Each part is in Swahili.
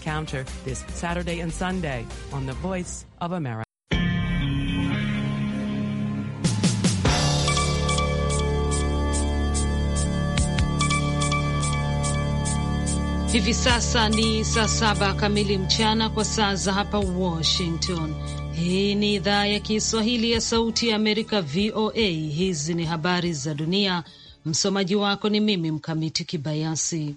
Counter this Saturday and Sunday on The Voice of America. Hivi sasa ni saa saba kamili mchana kwa saa za hapa Washington. Hii ni idhaa ya Kiswahili ya Sauti ya Amerika, VOA. Hizi ni habari za dunia. Msomaji wako ni mimi Mkamiti Kibayasi.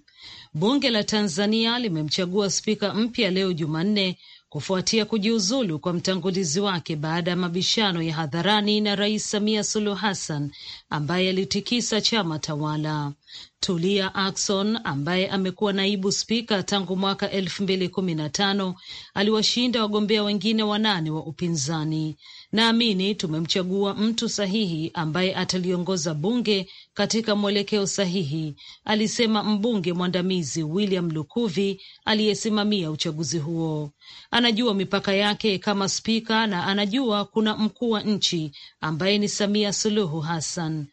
Bunge la Tanzania limemchagua spika mpya leo Jumanne kufuatia kujiuzulu kwa mtangulizi wake baada ya mabishano ya hadharani na Rais Samia Suluhu Hassan ambaye alitikisa chama tawala. Tulia Ackson ambaye amekuwa naibu spika tangu mwaka elfu mbili kumi na tano aliwashinda wagombea wengine wanane wa upinzani. Naamini tumemchagua mtu sahihi ambaye ataliongoza bunge katika mwelekeo sahihi, alisema mbunge mwandamizi William Lukuvi aliyesimamia uchaguzi huo. Anajua mipaka yake kama spika na anajua kuna mkuu wa nchi ambaye ni Samia Suluhu Hassan.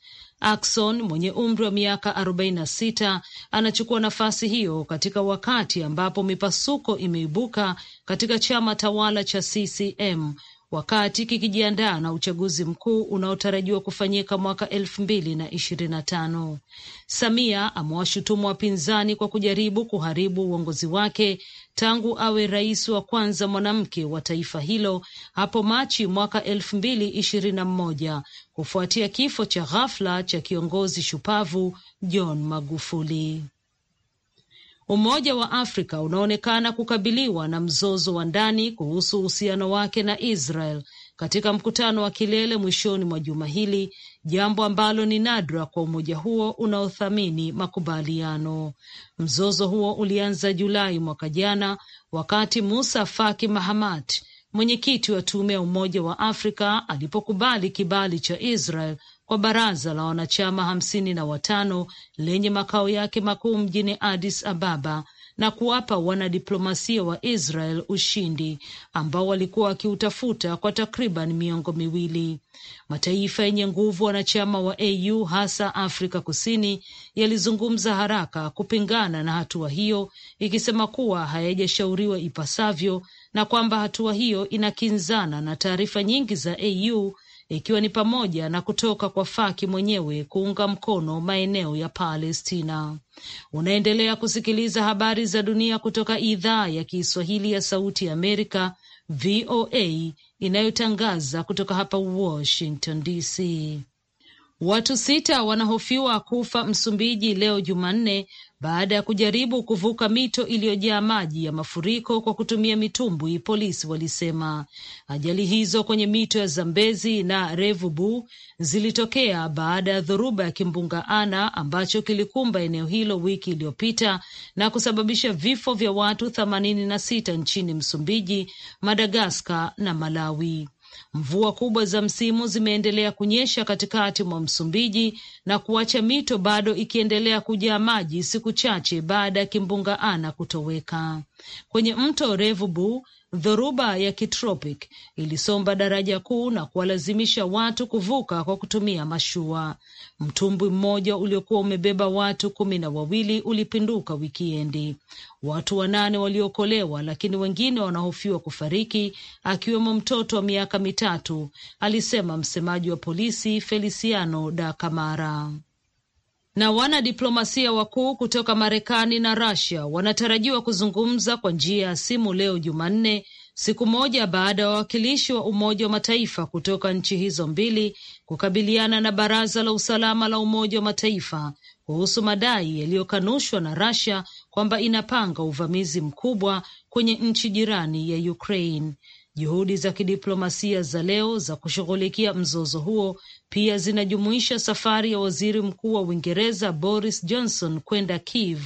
Akson mwenye umri wa miaka 46 anachukua nafasi hiyo katika wakati ambapo mipasuko imeibuka katika chama tawala cha CCM wakati kikijiandaa na uchaguzi mkuu unaotarajiwa kufanyika mwaka elfu mbili na ishirini na tano. Samia amewashutumu wapinzani kwa kujaribu kuharibu uongozi wake tangu awe rais wa kwanza mwanamke wa taifa hilo hapo Machi mwaka elfu mbili ishirini na mmoja kufuatia kifo cha ghafla cha kiongozi shupavu John Magufuli. Umoja wa Afrika unaonekana kukabiliwa na mzozo wa ndani kuhusu uhusiano wake na Israel katika mkutano wa kilele mwishoni mwa juma hili, jambo ambalo ni nadra kwa umoja huo unaothamini makubaliano. Mzozo huo ulianza Julai mwaka jana wakati Musa Faki Mahamat, mwenyekiti wa tume ya Umoja wa Afrika, alipokubali kibali cha Israel kwa baraza la wanachama hamsini na watano lenye makao yake makuu mjini Addis Ababa na kuwapa wanadiplomasia wa Israel ushindi ambao walikuwa wakiutafuta kwa takriban miongo miwili. Mataifa yenye nguvu wanachama wa AU hasa Afrika Kusini yalizungumza haraka kupingana na hatua hiyo, ikisema kuwa hayajashauriwa ipasavyo na kwamba hatua hiyo inakinzana na taarifa nyingi za AU ikiwa ni pamoja na kutoka kwa Faki mwenyewe kuunga mkono maeneo ya Palestina. Unaendelea kusikiliza habari za dunia kutoka idhaa ya Kiswahili ya Sauti ya Amerika, VOA, inayotangaza kutoka hapa Washington DC. Watu sita wanahofiwa kufa Msumbiji leo Jumanne baada ya kujaribu kuvuka mito iliyojaa maji ya mafuriko kwa kutumia mitumbwi. Polisi walisema ajali hizo kwenye mito ya Zambezi na Revubu zilitokea baada ya dhoruba ya kimbunga Ana ambacho kilikumba eneo hilo wiki iliyopita na kusababisha vifo vya watu themanini na sita nchini Msumbiji, Madagaskar na Malawi. Mvua kubwa za msimu zimeendelea kunyesha katikati mwa Msumbiji na kuacha mito bado ikiendelea kujaa maji siku chache baada ya kimbunga Ana kutoweka. Kwenye mto Revubu Dhoruba ya kitropic ilisomba daraja kuu na kuwalazimisha watu kuvuka kwa kutumia mashua. Mtumbwi mmoja uliokuwa umebeba watu kumi na wawili ulipinduka wikiendi. Watu wanane waliokolewa, lakini wengine wanahofiwa kufariki, akiwemo mtoto wa miaka mitatu, alisema msemaji wa polisi Feliciano da Camara na wanadiplomasia wakuu kutoka Marekani na rasia wanatarajiwa kuzungumza kwa njia ya simu leo Jumanne, siku moja baada ya wawakilishi wa Umoja wa Mataifa kutoka nchi hizo mbili kukabiliana na Baraza la Usalama la Umoja wa Mataifa kuhusu madai yaliyokanushwa na rasia kwamba inapanga uvamizi mkubwa kwenye nchi jirani ya Ukraine. Juhudi za kidiplomasia za leo za kushughulikia mzozo huo pia zinajumuisha safari ya waziri mkuu wa Uingereza Boris Johnson kwenda Kiev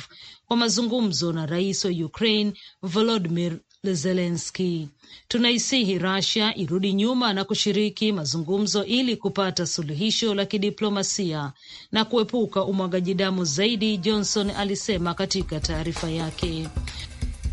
kwa mazungumzo na rais wa Ukraine volodimir zelenski Tunaisihi Rasia irudi nyuma na kushiriki mazungumzo ili kupata suluhisho la kidiplomasia na kuepuka umwagaji damu zaidi, Johnson alisema katika taarifa yake.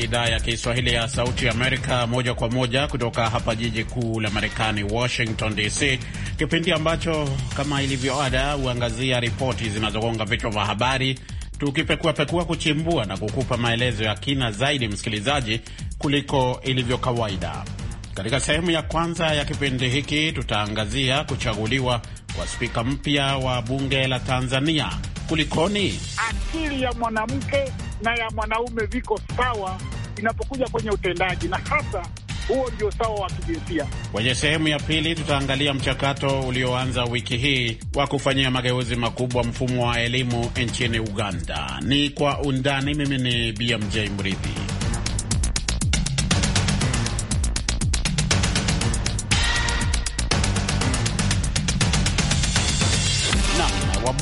idhaa ya Kiswahili ya Sauti Amerika, moja kwa moja kutoka hapa jiji kuu la Marekani, Washington DC, kipindi ambacho kama ilivyo ada huangazia ripoti zinazogonga vichwa vya habari, tukipekuapekua, kuchimbua na kukupa maelezo ya kina zaidi, msikilizaji, kuliko ilivyo kawaida. Katika sehemu ya kwanza ya kipindi hiki tutaangazia kuchaguliwa kwa spika mpya wa bunge la Tanzania. Kulikoni akili ya mwanamke na ya mwanaume viko sawa inapokuja kwenye utendaji, na hasa huo ndio sawa wa kijinsia. Kwenye sehemu ya pili tutaangalia mchakato ulioanza wiki hii wa kufanyia mageuzi makubwa mfumo wa elimu nchini Uganda. Ni kwa undani. Mimi ni BMJ Mridhi.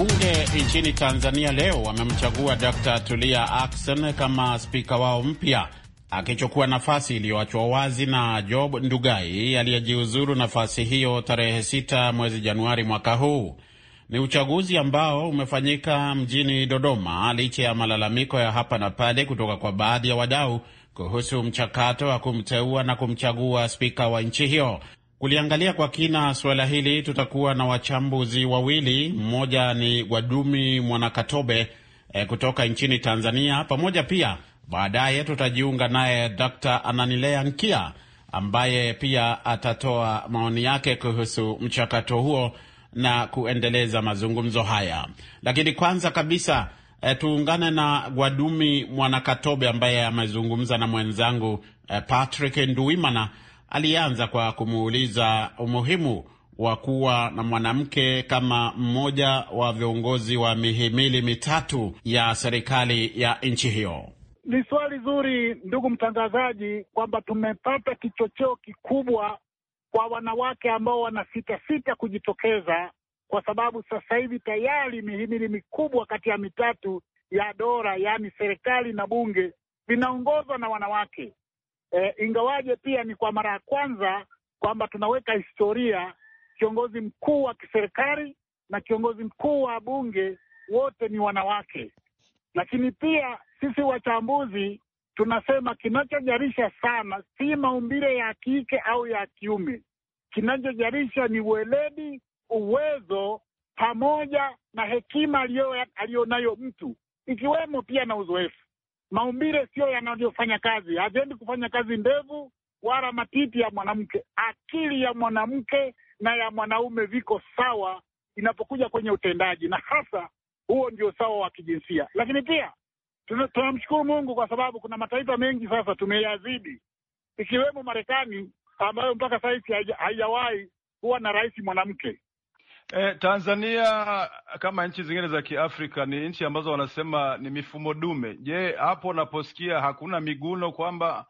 Wabunge nchini Tanzania leo wamemchagua Dr. Tulia Ackson kama spika wao mpya akichukua nafasi iliyoachwa wazi na Job Ndugai aliyejiuzuru nafasi hiyo tarehe 6 mwezi Januari mwaka huu. Ni uchaguzi ambao umefanyika mjini Dodoma licha ya malalamiko ya hapa na pale kutoka kwa baadhi ya wadau kuhusu mchakato wa kumteua na kumchagua spika wa nchi hiyo. Kuliangalia kwa kina suala hili tutakuwa na wachambuzi wawili, mmoja ni Wadumi Mwanakatobe eh, kutoka nchini Tanzania, pamoja pia baadaye tutajiunga naye Dr. Ananilea Nkia ambaye pia atatoa maoni yake kuhusu mchakato huo na kuendeleza mazungumzo haya. Lakini kwanza kabisa eh, tuungane na Gwadumi Mwanakatobe ambaye amezungumza na mwenzangu eh, Patrick nduimana alianza kwa kumuuliza umuhimu wa kuwa na mwanamke kama mmoja wa viongozi wa mihimili mitatu ya serikali ya nchi hiyo. Ni swali zuri, ndugu mtangazaji, kwamba tumepata kichocheo kikubwa kwa wanawake ambao sita kujitokeza, kwa sababu sasa hivi tayari mihimili mikubwa kati ya mitatu ya dola, yaani serikali na bunge, vinaongozwa na wanawake e, ingawaje pia ni kwa mara ya kwanza kwamba tunaweka historia, kiongozi mkuu wa kiserikali na kiongozi mkuu wa bunge wote ni wanawake. Lakini pia sisi wachambuzi tunasema kinachojarisha sana si maumbile ya kike au ya kiume, kinachojarisha ni weledi, uwezo pamoja na hekima aliyonayo mtu, ikiwemo pia na uzoefu. Maumbile sio yanavyofanya kazi, Haziendi kufanya kazi ndevu wala matiti ya mwanamke. Akili ya mwanamke na ya mwanaume viko sawa inapokuja kwenye utendaji, na hasa huo ndio sawa wa kijinsia. Lakini pia tunamshukuru Mungu kwa sababu kuna mataifa mengi sasa tumeyazidi, ikiwemo Marekani ambayo mpaka sahizi haijawahi kuwa na rais mwanamke. E, Tanzania kama nchi zingine za Kiafrika ni nchi ambazo wanasema ni mifumo dume. Je, hapo unaposikia hakuna miguno kwamba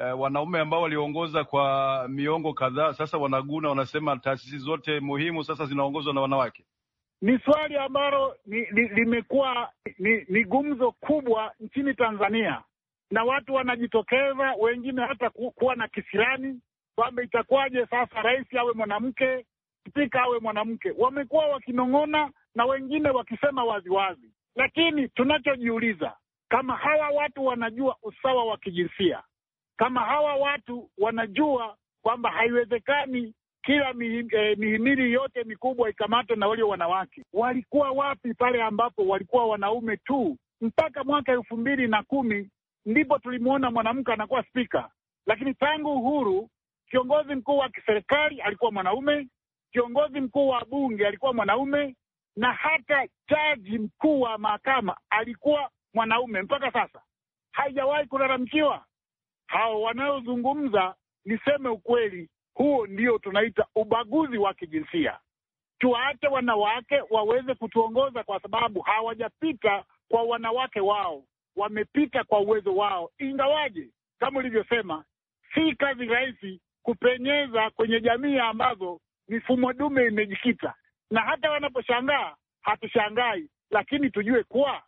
e, wanaume ambao waliongoza kwa miongo kadhaa sasa wanaguna, wanasema taasisi zote muhimu sasa zinaongozwa na wanawake? Ni swali ambalo limekuwa ni, ni, ni gumzo kubwa nchini Tanzania, na watu wanajitokeza wengine hata ku, kuwa na kisirani kwamba itakuwaje sasa rais awe mwanamke Spika awe mwanamke, wamekuwa wakinong'ona na wengine wakisema waziwazi, lakini tunachojiuliza kama hawa watu wanajua usawa wa kijinsia, kama hawa watu wanajua kwamba haiwezekani kila mihimili eh, mihimili yote mikubwa ikamatwe na walio wanawake, walikuwa wapi pale ambapo walikuwa wanaume tu? Mpaka mwaka elfu mbili na kumi ndipo tulimwona mwanamke anakuwa spika, lakini tangu uhuru kiongozi mkuu wa kiserikali alikuwa mwanaume, kiongozi mkuu wa bunge alikuwa mwanaume na hata jaji mkuu wa mahakama alikuwa mwanaume. Mpaka sasa haijawahi kulalamikiwa. Hao wanaozungumza, niseme ukweli, huo ndio tunaita ubaguzi wa kijinsia. Tuwaache wanawake waweze kutuongoza, kwa sababu hawajapita kwa wanawake wao, wamepita kwa uwezo wao, ingawaje kama ulivyosema, si kazi rahisi kupenyeza kwenye jamii ambazo mifumo dume imejikita, na hata wanaposhangaa hatushangai, lakini tujue kuwa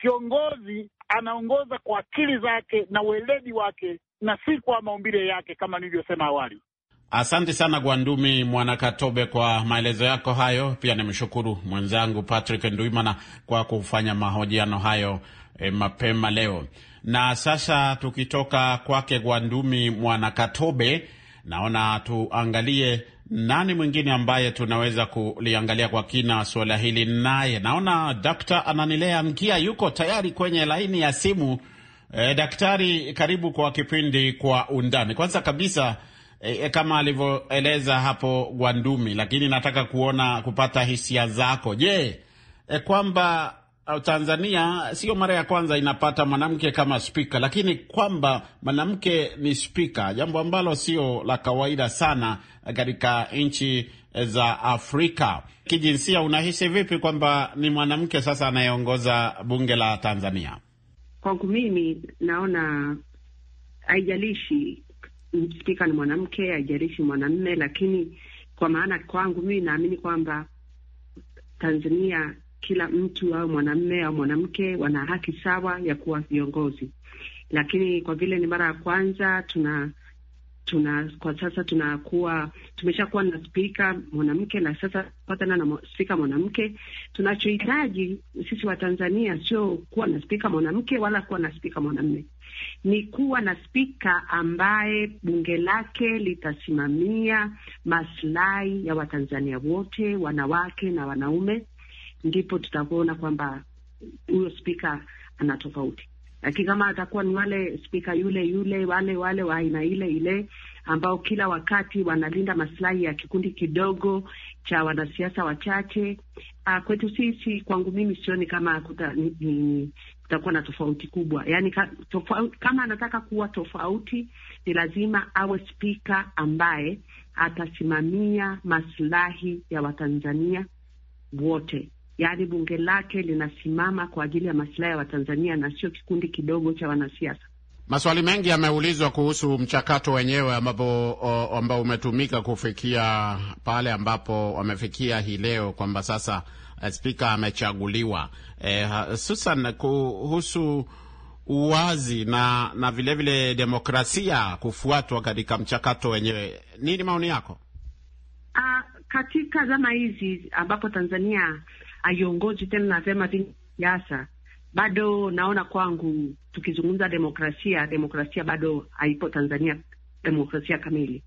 kiongozi anaongoza kwa akili zake na uweledi wake na si kwa maumbile yake, kama nilivyosema awali. Asante sana Gwandumi Mwanakatobe kwa maelezo yako hayo. Pia nimshukuru mwenzangu Patrick Nduimana kwa kufanya mahojiano hayo e, mapema leo. Na sasa tukitoka kwake Gwandumi Mwanakatobe, naona tuangalie nani mwingine ambaye tunaweza kuliangalia kwa kina suala hili naye? Naona Dakta Ananilea Mkia yuko tayari kwenye laini ya simu. E, daktari, karibu kwa kipindi Kwa Undani. Kwanza kabisa e, kama alivyoeleza hapo Gwandumi, lakini nataka kuona kupata hisia zako. Je, e, kwamba Tanzania sio mara ya kwanza inapata mwanamke kama spika, lakini kwamba mwanamke ni spika, jambo ambalo sio la kawaida sana katika nchi za Afrika. Kijinsia, unahisi vipi kwamba ni mwanamke sasa anayeongoza bunge la Tanzania? Kwangu mimi naona haijalishi spika ni mwanamke, haijalishi mwanamme, lakini kwa maana kwangu mimi naamini kwamba Tanzania kila mtu au mwanamme au mwanamke wana haki sawa ya kuwa viongozi, lakini kwa vile ni mara ya kwanza tuna tuna kwa sasa tunakuwa tumeshakuwa na spika mwanamke na sasa patana na spika mwanamke. Tunachohitaji sisi Watanzania sio kuwa na spika mwanamke wala kuwa na spika mwanamme, ni kuwa na spika ambaye bunge lake litasimamia maslahi ya Watanzania wote, wanawake na wanaume, ndipo tutakuona kwamba huyo spika ana tofauti. Lakini kama atakuwa ni wale spika yule yule, wale wale wa aina ile ile, ambao kila wakati wanalinda masilahi ya kikundi kidogo cha wanasiasa wachache, uh, kwetu sisi, kwangu mimi sioni kama kuta, ni, ni, kutakuwa na tofauti kubwa. Yani ka, tofauti, kama anataka kuwa tofauti ni lazima awe spika ambaye atasimamia masilahi ya Watanzania wote yaani bunge lake linasimama kwa ajili ya masilahi ya Watanzania na sio kikundi kidogo cha wanasiasa. Maswali mengi yameulizwa kuhusu mchakato wenyewe ambao umetumika kufikia pale ambapo wamefikia hii leo kwamba sasa eh, spika amechaguliwa, hususan eh, e, kuhusu uwazi na na vilevile vile demokrasia kufuatwa katika mchakato wenyewe. Nini maoni yako? Uh, katika zama hizi ambapo Tanzania haiongozi tena, nasema siasa bado naona kwangu, tukizungumza demokrasia, demokrasia bado haipo Tanzania, demokrasia kamili.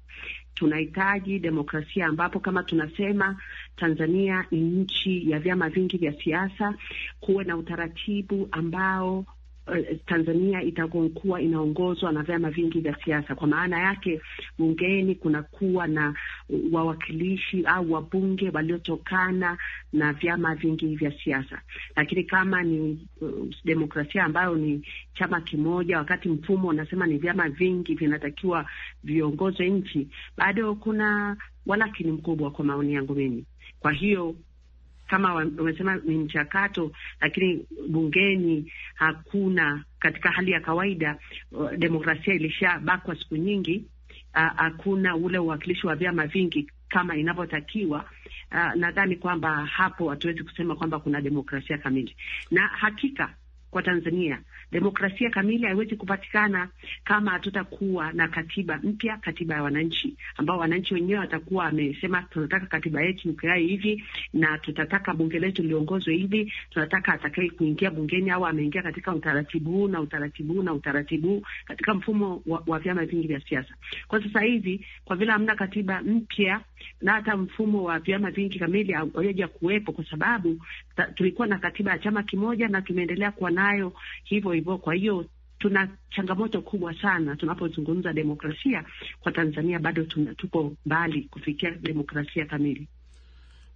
Tunahitaji demokrasia ambapo kama tunasema Tanzania ni nchi ya vyama vingi vya siasa, kuwe na utaratibu ambao Eh, Tanzania itakuwa inaongozwa na vyama vingi vya siasa. Kwa maana yake, bungeni kuna kuwa na wawakilishi au wabunge waliotokana na vyama vingi vya siasa, lakini kama ni uh, demokrasia ambayo ni chama kimoja, wakati mfumo unasema ni vyama vingi vinatakiwa viongoze nchi, bado kuna walakini mkubwa, kwa maoni yangu mimi. Kwa hiyo kama wamesema ni mchakato, lakini bungeni hakuna. Katika hali ya kawaida uh, demokrasia ilishabakwa siku nyingi, uh, hakuna ule uwakilishi wa vyama vingi kama inavyotakiwa. Uh, nadhani kwamba hapo hatuwezi kusema kwamba kuna demokrasia kamili, na hakika kwa Tanzania Demokrasia kamili haiwezi kupatikana kama hatutakuwa na katiba mpya, katiba ya wananchi, ambao wananchi wenyewe watakuwa wamesema, tunataka katiba yetu ikae hivi na tutataka bunge letu liongozwe hivi, tunataka atakaye kuingia bungeni au ameingia katika utaratibu huu na utaratibu huu na utaratibu huu katika mfumo wa, wa vyama vingi vya siasa. Kwa sasa hivi, kwa vile hamna katiba mpya na hata mfumo wa vyama vingi kamili haujaja kuwepo, kwa sababu ta, tulikuwa na katiba ya chama kimoja na tumeendelea kuwa nayo hivyo hivyo. Kwa hiyo tuna changamoto kubwa sana tunapozungumza demokrasia kwa Tanzania, bado tuna, tuko mbali kufikia demokrasia kamili.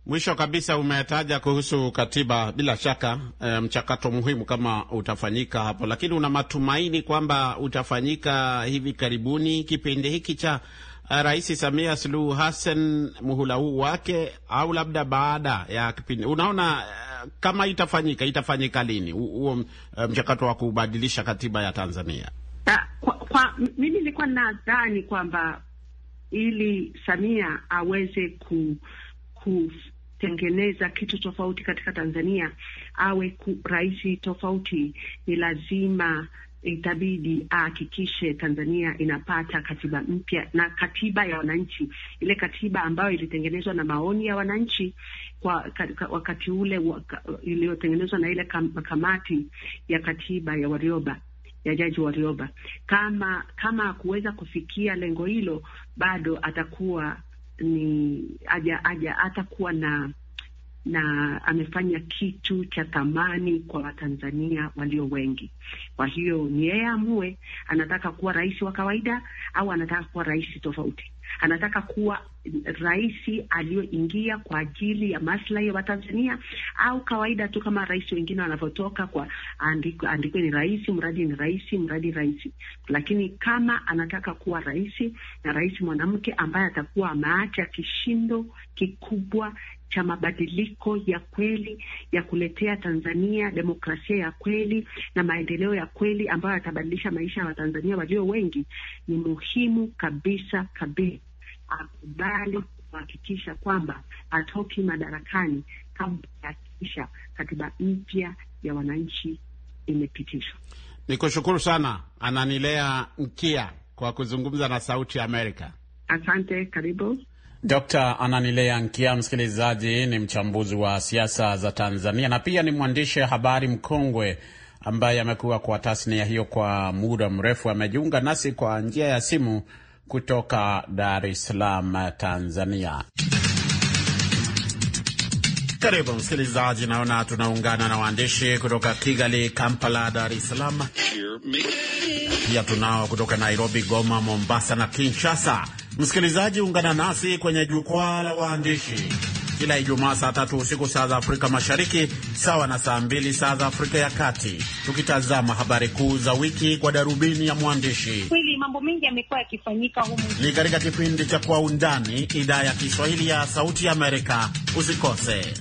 Mwisho kabisa, umetaja kuhusu katiba, bila shaka e, mchakato muhimu kama utafanyika hapo, lakini una matumaini kwamba utafanyika hivi karibuni, kipindi hiki cha Rais Samia Suluhu Hassan muhula huu wake, au labda baada ya kipindi? Unaona eh, kama itafanyika, itafanyika lini huo eh, mchakato wa kubadilisha katiba ya Tanzania? Ah, kwa, kwa, mimi nilikuwa nadhani kwamba ili Samia aweze ku, kutengeneza kitu tofauti katika Tanzania, awe rahisi rais tofauti, ni lazima itabidi ahakikishe Tanzania inapata katiba mpya na katiba ya wananchi, ile katiba ambayo ilitengenezwa na maoni ya wananchi kwa ka, ka, wakati ule waka, iliyotengenezwa na ile kam, kamati ya katiba ya Warioba ya Jaji Warioba. Kama kama hakuweza kufikia lengo hilo, bado atakuwa ni aja, aja, atakuwa na na amefanya kitu cha thamani kwa Watanzania walio wengi. Kwa hiyo ni yeye amue, anataka kuwa rais wa kawaida au anataka kuwa rais tofauti. Anataka kuwa rais aliyoingia kwa ajili ya maslahi ya Watanzania au kawaida tu kama rais wengine wanavyotoka kwa andikwe ni rais, mradi ni rais, mradi rais. Lakini kama anataka kuwa rais na rais mwanamke ambaye atakuwa ameacha kishindo kikubwa cha mabadiliko ya kweli ya kuletea Tanzania demokrasia ya kweli na maendeleo ya kweli ambayo yatabadilisha maisha ya Watanzania walio wengi, ni muhimu kabisa kabisa akubali kuhakikisha kwamba atoki madarakani kabla ya kuhakikisha katiba mpya ya wananchi imepitishwa. Ni kushukuru sana Ananilea Nkia kwa kuzungumza na Sauti ya Amerika. Asante, karibu. Dr Ananilea Nkia, msikilizaji, ni mchambuzi wa siasa za Tanzania na pia ni mwandishi habari mkongwe ambaye amekuwa kwa tasnia hiyo kwa muda mrefu. Amejiunga nasi kwa njia ya simu kutoka Dar es Salaam, Tanzania. Karibu msikilizaji, naona tunaungana na waandishi kutoka Kigali, Kampala, Dar es Salaam. Pia tunao kutoka Nairobi, Goma, Mombasa na Kinshasa. Msikilizaji, ungana nasi kwenye jukwaa la waandishi kila Ijumaa saa tatu usiku saa za Afrika Mashariki, sawa na saa mbili saa za Afrika ya Kati, tukitazama habari kuu za wiki kwa darubini ya mwandishi. Kweli mambo mengi yamekuwa yakifanyika humu. Ni katika kipindi cha Kwa Undani, idhaa ya Kiswahili ya Sauti ya Amerika. Usikose.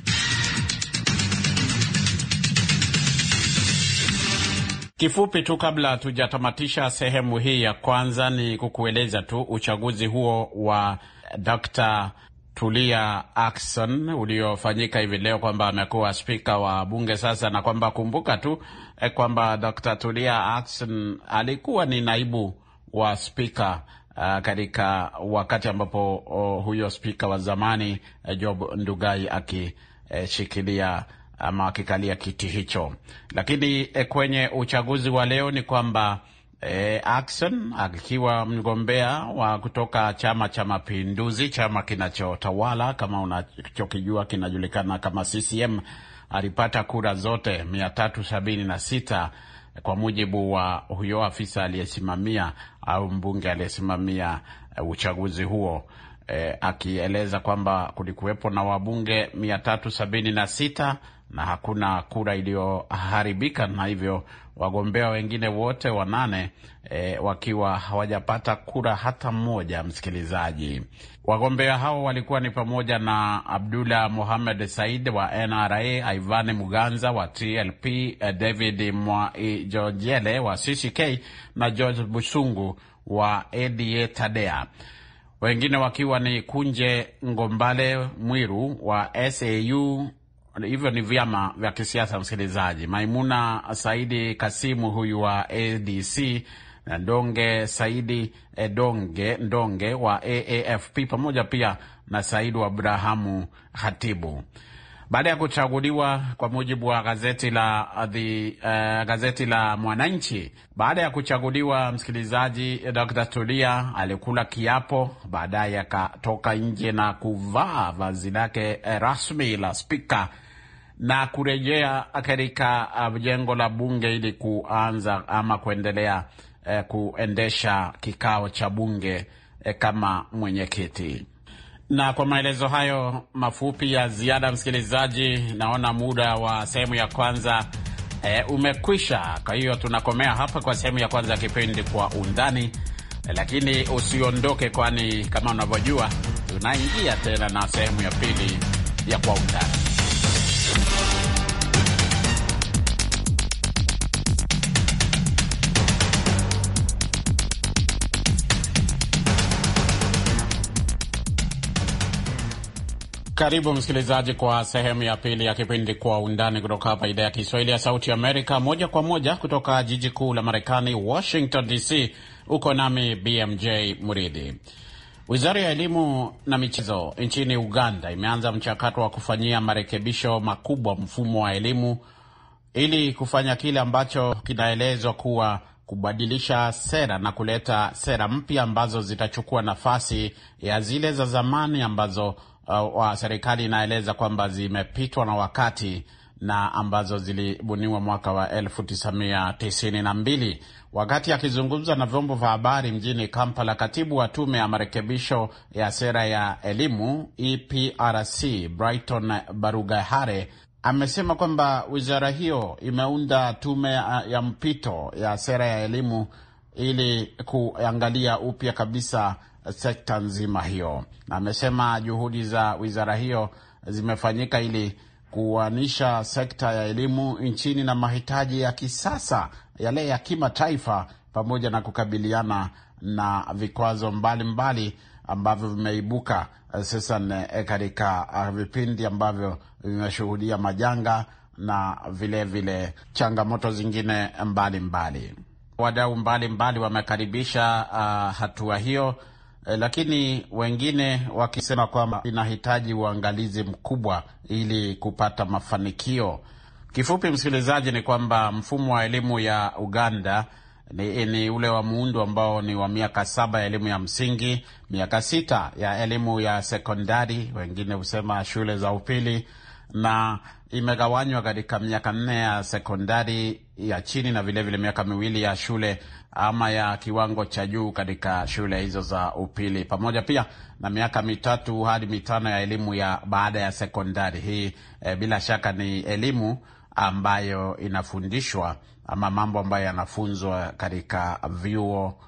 Kifupi tu kabla tujatamatisha sehemu hii ya kwanza, ni kukueleza tu uchaguzi huo wa Dr. Tulia Ackson uliofanyika hivi leo kwamba amekuwa spika wa bunge sasa, na kwamba kumbuka tu eh, kwamba Dr. Tulia Ackson alikuwa ni naibu wa spika uh, katika wakati ambapo uh, huyo spika wa zamani eh, Job Ndugai akishikilia uh, ama wakikalia kiti hicho. Lakini e, kwenye uchaguzi wa leo ni kwamba e, eh, Akson akiwa mgombea wa kutoka Chama cha Mapinduzi, chama kinachotawala kama unachokijua kinajulikana kama CCM, alipata kura zote mia tatu sabini na sita eh, kwa mujibu wa huyo afisa aliyesimamia au mbunge aliyesimamia uchaguzi huo e, akieleza kwamba kulikuwepo na wabunge mia tatu sabini na sita na hakuna kura iliyoharibika, na hivyo wagombea wengine wote wanane e, wakiwa hawajapata kura hata mmoja. Msikilizaji, wagombea hao walikuwa ni pamoja na Abdullah muhamed Said wa NRA, Ivan Muganza wa TLP, e, David Mwaijojele wa CCK na George Busungu wa ADA Tadea, wengine wakiwa ni Kunje Ngombale Mwiru wa SAU hivyo ni vyama vya kisiasa. Msikilizaji, Maimuna Saidi Kasimu huyu wa ADC na Ndonge Saidi Edonge eh, Ndonge wa AAFP pamoja pia na Saidu Abrahamu hatibu Baada ya kuchaguliwa kwa mujibu wa gazeti la the, uh, gazeti la Mwananchi, baada ya kuchaguliwa msikilizaji, eh, Dr. Tulia alikula kiapo, baadaye akatoka nje na kuvaa vazi lake rasmi la spika na kurejea katika uh, jengo la bunge ili kuanza ama kuendelea eh, kuendesha kikao cha bunge eh, kama mwenyekiti. Na kwa maelezo hayo mafupi ya ziada, msikilizaji, naona muda wa sehemu ya kwanza eh, umekwisha. Kwa hiyo tunakomea hapa kwa sehemu ya kwanza ya kipindi Kwa Undani, lakini usiondoke, kwani kama unavyojua tunaingia tena na sehemu ya pili ya Kwa Undani. Karibu msikilizaji kwa sehemu ya pili ya kipindi Kwa Undani kutoka hapa idhaa ya Kiswahili ya Sauti Amerika, moja kwa moja kutoka jiji kuu la Marekani, Washington DC. Uko nami BMJ Muridhi. Wizara ya Elimu na Michezo nchini Uganda imeanza mchakato wa kufanyia marekebisho makubwa mfumo wa elimu ili kufanya kile ambacho kinaelezwa kuwa kubadilisha sera na kuleta sera mpya ambazo zitachukua nafasi ya zile za zamani ambazo uh, wa serikali inaeleza kwamba zimepitwa na wakati na ambazo zilibuniwa mwaka wa 1992. Wakati akizungumza na vyombo vya habari mjini Kampala, katibu wa tume ya marekebisho ya sera ya elimu EPRC Brighton Barugahare amesema kwamba wizara hiyo imeunda tume ya mpito ya sera ya elimu ili kuangalia upya kabisa sekta nzima hiyo. Amesema juhudi za wizara hiyo zimefanyika ili kuanisha sekta ya elimu nchini na mahitaji ya kisasa yale ya kimataifa, pamoja na kukabiliana na vikwazo mbalimbali ambavyo vimeibuka hususan eh, katika ah, vipindi ambavyo vimeshuhudia majanga na vilevile vile changamoto zingine mbalimbali. Wadau mbalimbali wamekaribisha uh, hatua hiyo Eh, lakini wengine wakisema kwamba inahitaji uangalizi mkubwa ili kupata mafanikio. Kifupi msikilizaji, ni kwamba mfumo wa elimu ya Uganda ni, ni ule wa muundo ambao ni wa miaka saba ya elimu ya msingi, miaka sita ya elimu ya sekondari, wengine husema shule za upili na imegawanywa katika miaka nne ya sekondari ya chini na vilevile miaka miwili ya shule ama ya kiwango cha juu katika shule hizo za upili, pamoja pia na miaka mitatu hadi mitano ya elimu ya baada ya sekondari. Hii e, bila shaka ni elimu ambayo inafundishwa ama mambo ambayo yanafunzwa katika vyuo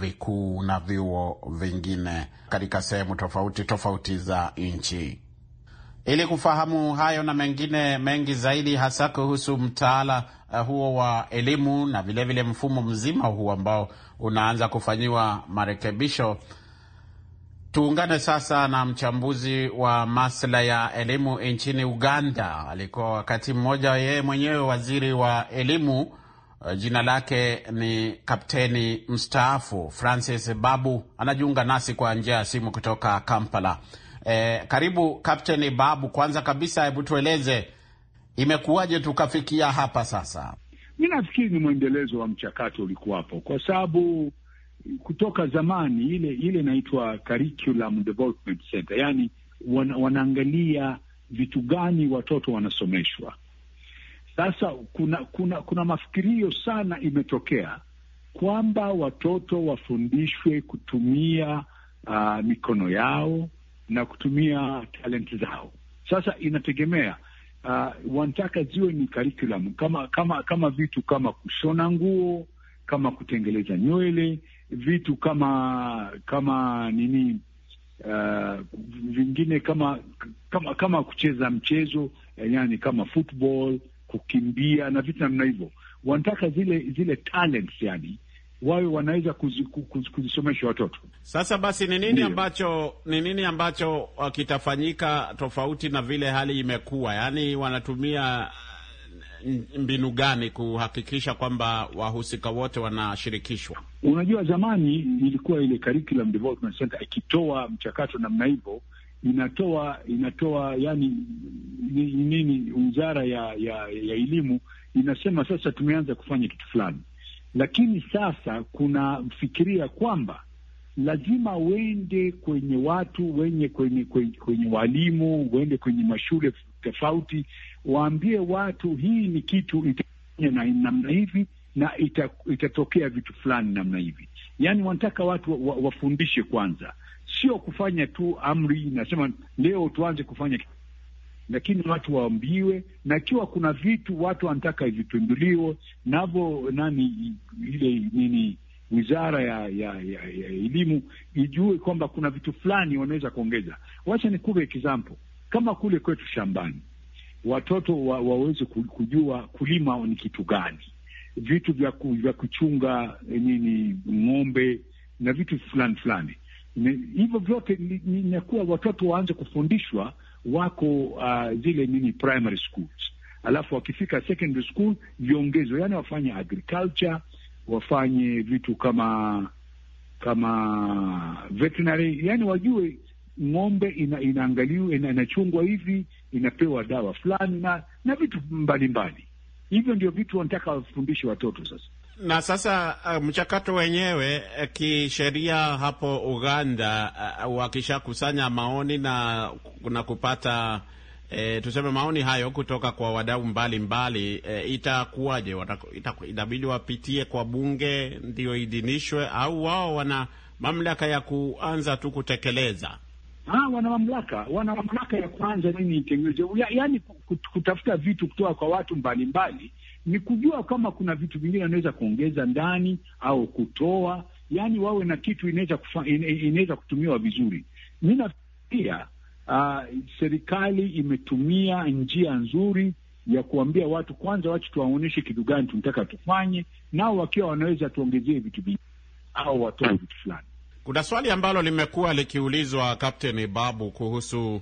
vikuu na vyuo vingine katika sehemu tofauti tofauti za nchi. Ili kufahamu hayo na mengine mengi zaidi, hasa kuhusu mtaala eh, huo wa elimu na vilevile vile mfumo mzima huu ambao unaanza kufanyiwa marekebisho, tuungane sasa na mchambuzi wa masuala ya elimu nchini Uganda. Alikuwa wakati mmoja yeye mwenyewe waziri wa elimu, eh, jina lake ni kapteni mstaafu Francis Babu. Anajiunga nasi kwa njia ya simu kutoka Kampala. Eh, karibu Captain Babu, kwanza kabisa, hebu tueleze imekuwaje tukafikia hapa sasa? Mi nafikiri ni mwendelezo wa mchakato ulikuwapo, kwa sababu kutoka zamani ile ile inaitwa curriculum development center, yani wan, wanaangalia vitu gani watoto wanasomeshwa. Sasa kuna kuna kuna mafikirio sana imetokea kwamba watoto wafundishwe kutumia uh, mikono yao na kutumia talent zao. Sasa inategemea uh, wanataka ziwe ni curriculum kama kama kama vitu kama kushona nguo, kama kutengeleza nywele, vitu kama kama nini Uh, vingine kama kama kama kucheza mchezo eh, yani kama football, kukimbia na vitu namna hivyo. Wanataka zile zile talents yani wawe wanaweza kuzisomesha watoto. Sasa basi, ni nini ambacho ni nini ambacho uh, kitafanyika tofauti na vile hali imekuwa? Yaani, wanatumia uh, mbinu gani kuhakikisha kwamba wahusika wote wanashirikishwa? Unajua, zamani ilikuwa ile curriculum development center ikitoa mchakato namna hivyo inatoa inatoa yani nini, wizara ya, ya, ya elimu inasema sasa tumeanza kufanya kitu fulani lakini sasa kuna fikiria kwamba lazima uende kwenye watu wenye kwenye, kwenye, kwenye walimu uende kwenye mashule tofauti, waambie watu hii ni kitu itafanya namna hivi na ita, itatokea vitu fulani namna hivi. Yaani wanataka watu wafundishe wa, wa kwanza, sio kufanya tu amri, nasema leo tuanze kufanya kitu lakini watu waambiwe, na ikiwa kuna vitu watu wanataka ivipinduliwe navo nani ile nini wizara ya ya, ya, ya elimu ijue kwamba kuna vitu fulani wanaweza kuongeza. Wacha nikupe example kama kule kwetu shambani watoto wa, waweze kujua kulima ni kitu gani, vitu vya, ku, vya kuchunga eh, nini ng'ombe na vitu fulani fulani hivyo vyote, inakuwa watoto waanze kufundishwa wako uh, zile nini primary schools, alafu wakifika secondary school viongezwe, yani wafanye agriculture, wafanye vitu kama kama veterinary, yani wajue ng'ombe ina, inaangaliwa ina, inachungwa hivi, inapewa dawa fulani na na vitu mbalimbali hivyo. Ndio vitu wanataka wafundishe watoto sasa. Na sasa uh, mchakato wenyewe uh, kisheria hapo Uganda uh, wakishakusanya maoni na, na kupata E, tuseme maoni hayo kutoka kwa wadau mbalimbali e, itakuwaje? Itabidi wapitie kwa bunge ndio idhinishwe, au wao wana mamlaka ya kuanza tu kutekeleza? Ha, ah, wana mamlaka wana mamlaka ya kuanza nini yaani kutafuta vitu kutoka kwa watu mbalimbali mbali ni kujua kama kuna vitu vingine wanaweza kuongeza ndani au kutoa, yaani wawe na kitu inaweza inaweza kutumiwa vizuri. Mi nafikiria uh, serikali imetumia njia nzuri ya kuambia watu kwanza, wacha tuwaonyeshe kitu gani tunataka tufanye, nao wakiwa wanaweza tuongezee vitu vingi au watoe vitu fulani. Kuna swali ambalo limekuwa likiulizwa Kapteni Babu kuhusu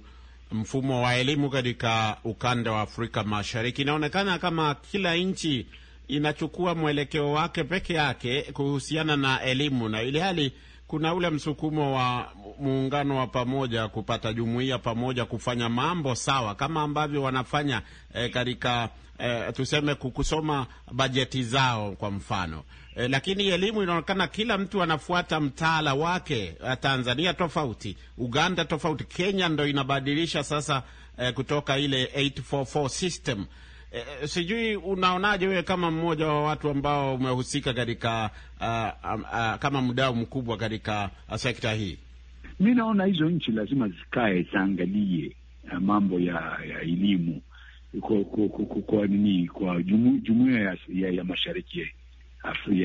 mfumo wa elimu katika ukanda wa Afrika Mashariki. Inaonekana kama kila nchi inachukua mwelekeo wake peke yake kuhusiana na elimu na ili hali kuna ule msukumo wa muungano wa pamoja kupata jumuiya pamoja kufanya mambo sawa kama ambavyo wanafanya e, katika e, tuseme kusoma bajeti zao kwa mfano e, lakini elimu inaonekana kila mtu anafuata mtaala wake. Tanzania tofauti, Uganda tofauti, Kenya ndo inabadilisha sasa e, kutoka ile 844 system E, sijui unaonaje wewe kama mmoja wa watu ambao umehusika katika uh, uh, kama mdau mkubwa katika sekta hii? Mi naona hizo nchi lazima zikae zaangalie uh, eh, mambo ya ya elimu kwa, kwa, kwa, kwa nini kwa jumu, jumuiya ya, ya, ya mashariki ya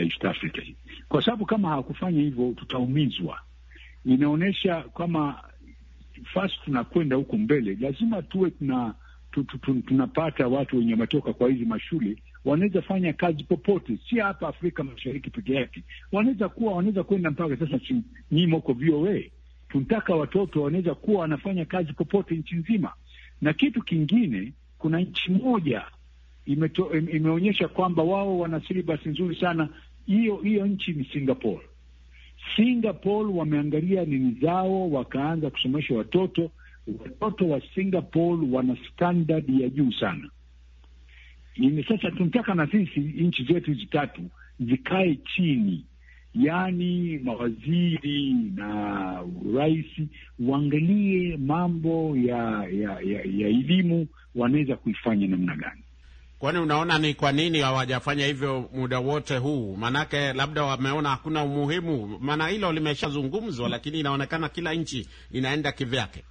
East Africa, kwa sababu kama hawakufanya hivyo tutaumizwa. Inaonyesha kama fast tunakwenda huku mbele, lazima tuwe tuna tunapata watu wenye wametoka kwa hizi mashule wanaweza fanya kazi popote, si hapa Afrika Mashariki peke yake. Wanaweza kuwa wanaweza kwenda mpaka sasa, nyima huko VOA tunataka watoto wanaweza kuwa wanafanya kazi popote nchi nzima. Na kitu kingine, kuna nchi moja imeto, imeonyesha kwamba wao wana silabasi nzuri sana. Hiyo hiyo nchi ni Singapore. Singapore wameangalia nini zao, wakaanza kusomesha watoto watoto wa Singapore wana standard ya juu sana. Ni sasa tunataka na sisi nchi zetu hizi tatu zikae chini, yaani mawaziri na rais waangalie mambo ya ya ya elimu wanaweza kuifanya namna gani. Kwani unaona ni kwa nini hawajafanya hivyo muda wote huu? Maanake labda wameona hakuna umuhimu, maana hilo limeshazungumzwa, lakini inaonekana kila nchi inaenda kivyake.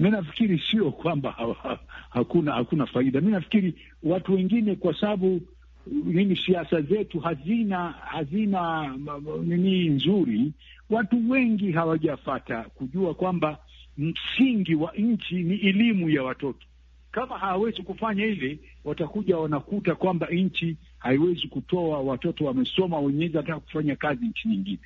Mi nafikiri sio kwamba ha, ha, hakuna hakuna faida. Mi nafikiri watu wengine, kwa sababu nini, siasa zetu hazina hazina nini nzuri, watu wengi hawajafata kujua kwamba msingi wa nchi ni elimu ya watoto. Kama hawawezi kufanya ile, watakuja wanakuta kwamba nchi haiwezi kutoa watoto wamesoma, wenyewe wanataka kufanya kazi nchi nyingine.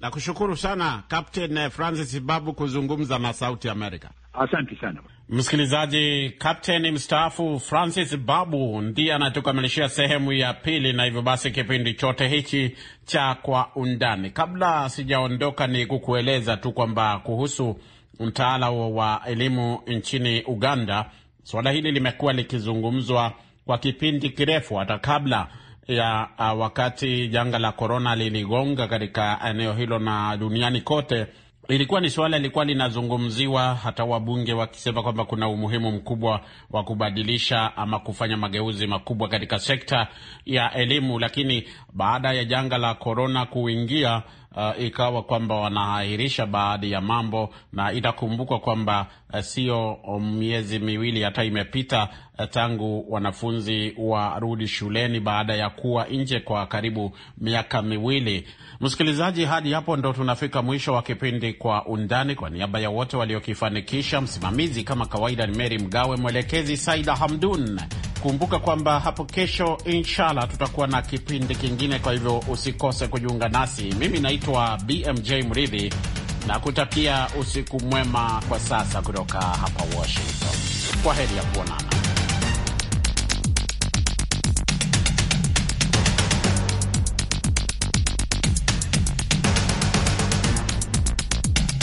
Nakushukuru sana Captain eh, Francis Babu kuzungumza na Sauti America. Asante sana msikilizaji. Captain mstaafu Francis Babu ndiye anatukamilishia sehemu ya pili, na hivyo basi kipindi chote hichi cha Kwa Undani. Kabla sijaondoka, ni kukueleza tu kwamba kuhusu mtaala wa elimu nchini Uganda, suala hili limekuwa likizungumzwa kwa kipindi kirefu hata kabla ya ah, wakati janga la korona liligonga katika eneo hilo na duniani kote, ilikuwa ni suala lilikuwa linazungumziwa, hata wabunge wakisema kwamba kuna umuhimu mkubwa wa kubadilisha ama kufanya mageuzi makubwa katika sekta ya elimu. Lakini baada ya janga la korona kuingia uh, ikawa kwamba wanaahirisha baadhi ya mambo, na itakumbukwa kwamba uh, sio um, miezi miwili hata imepita uh, tangu wanafunzi warudi shuleni baada ya kuwa nje kwa karibu miaka miwili. Msikilizaji, hadi hapo ndo tunafika mwisho wa kipindi Kwa Undani. Kwa niaba ya wote waliokifanikisha, msimamizi kama kawaida ni Meri Mgawe, mwelekezi Saida Hamdun. Kumbuka kwamba hapo kesho, inshallah, tutakuwa na kipindi kingine, kwa hivyo usikose kujiunga nasi. Mimi naitwa BMJ Mridhi na kutakia usiku mwema kwa sasa kutoka hapa Washington. Kwa heri ya kuonana.